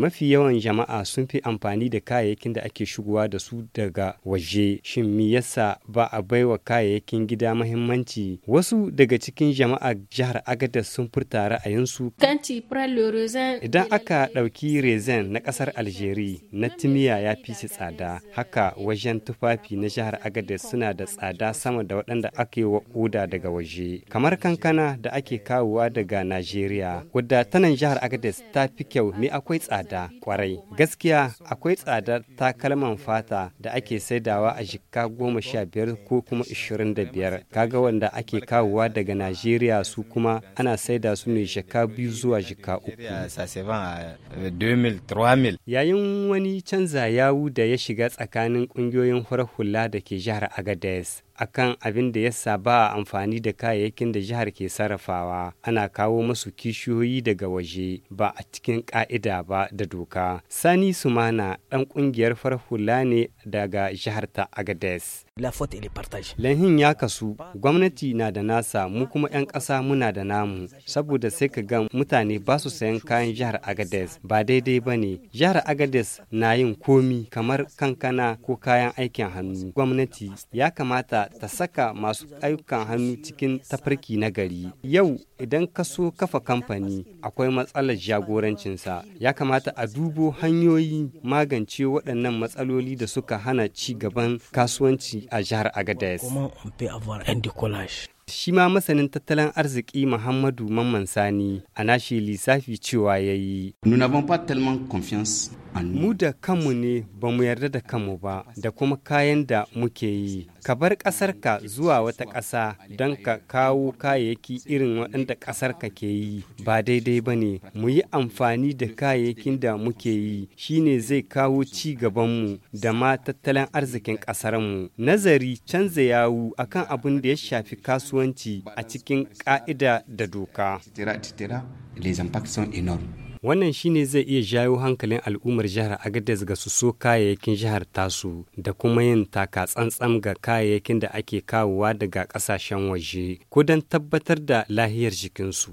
Mafi yawan jama'a sun fi amfani da kayayyakin da ake shigowa da su daga waje. Shin me yasa ba a baiwa kayayyakin gida mahimmanci? Wasu daga cikin jama'a jihar Agadez sun furta ra'ayinsu. Idan aka ɗauki rezen na ƙasar Aljeri na timiya ya fi su tsada. Haka wajen tufafi na jihar Agadez suna da tsada sama da waɗanda ake wa oda daga waje. Kamar kankana da ake kawowa daga Najeriya, wadda tanan jihar Agadez ta fi kyau ne akwai tsada. tsada kwarai. Gaskiya akwai tsadar takalman fata da ake saidawa a jikka goma sha biyar ko kuma ishirin da biyar. Kaga wanda ake kawowa daga Najeriya su kuma ana saida su ne jikka biyu zuwa jikka uku. Euh, Yayin wani canza yawu da ya shiga tsakanin ƙungiyoyin hular hula da ke jihar Agadez akan abin da sa ba amfani da kayayyakin da jihar ke sarrafawa ana kawo masu kishiyoyi daga waje ba a cikin ka'ida ba da doka sani sumana ɗan ƙungiyar farfula ne daga jihar ta agades lahin ya kasu gwamnati na da nasa mu kuma 'yan ƙasa muna da namu saboda sai ka ga mutane ba su sayan kayan jihar agades ba daidai ba ne jihar agades na yin komi kamar kankana ko kayan aikin hannu gwamnati ya kamata ta saka masu ayyukan hannu cikin tafarki na gari. Yau idan ka so kafa kamfani akwai matsalar jagorancinsa. Ya kamata a dubo hanyoyi magance waɗannan matsaloli da suka hana ci gaban kasuwanci a jihar Agadez. shi ma masanin tattalin arziki Muhammadu Mamman Sani a nashi lissafi cewa ya yi. nuna ban confiance mu da kanmu ne ba mu yarda da kanmu ba da kuma kayan da muke yi ka bar ƙasarka zuwa wata ƙasa don ka kawo kayayyaki irin waɗanda ka ke yi ba daidai ba ne mu yi amfani da kayayyakin da muke yi shine zai kawo ci gabanmu da ma tattalin arzikin ƙasarmu nazari canza yawu akan abin da ya shafi kasuwanci a cikin ƙa'ida da doka les Wannan shine zai iya jawo hankalin al'ummar jihar Agadez ga su so kayayyakin jihar tasu da kuma yin taka tsantsam ga kayayyakin da ake kawowa daga ƙasashen waje ko don tabbatar da lahiyar jikinsu.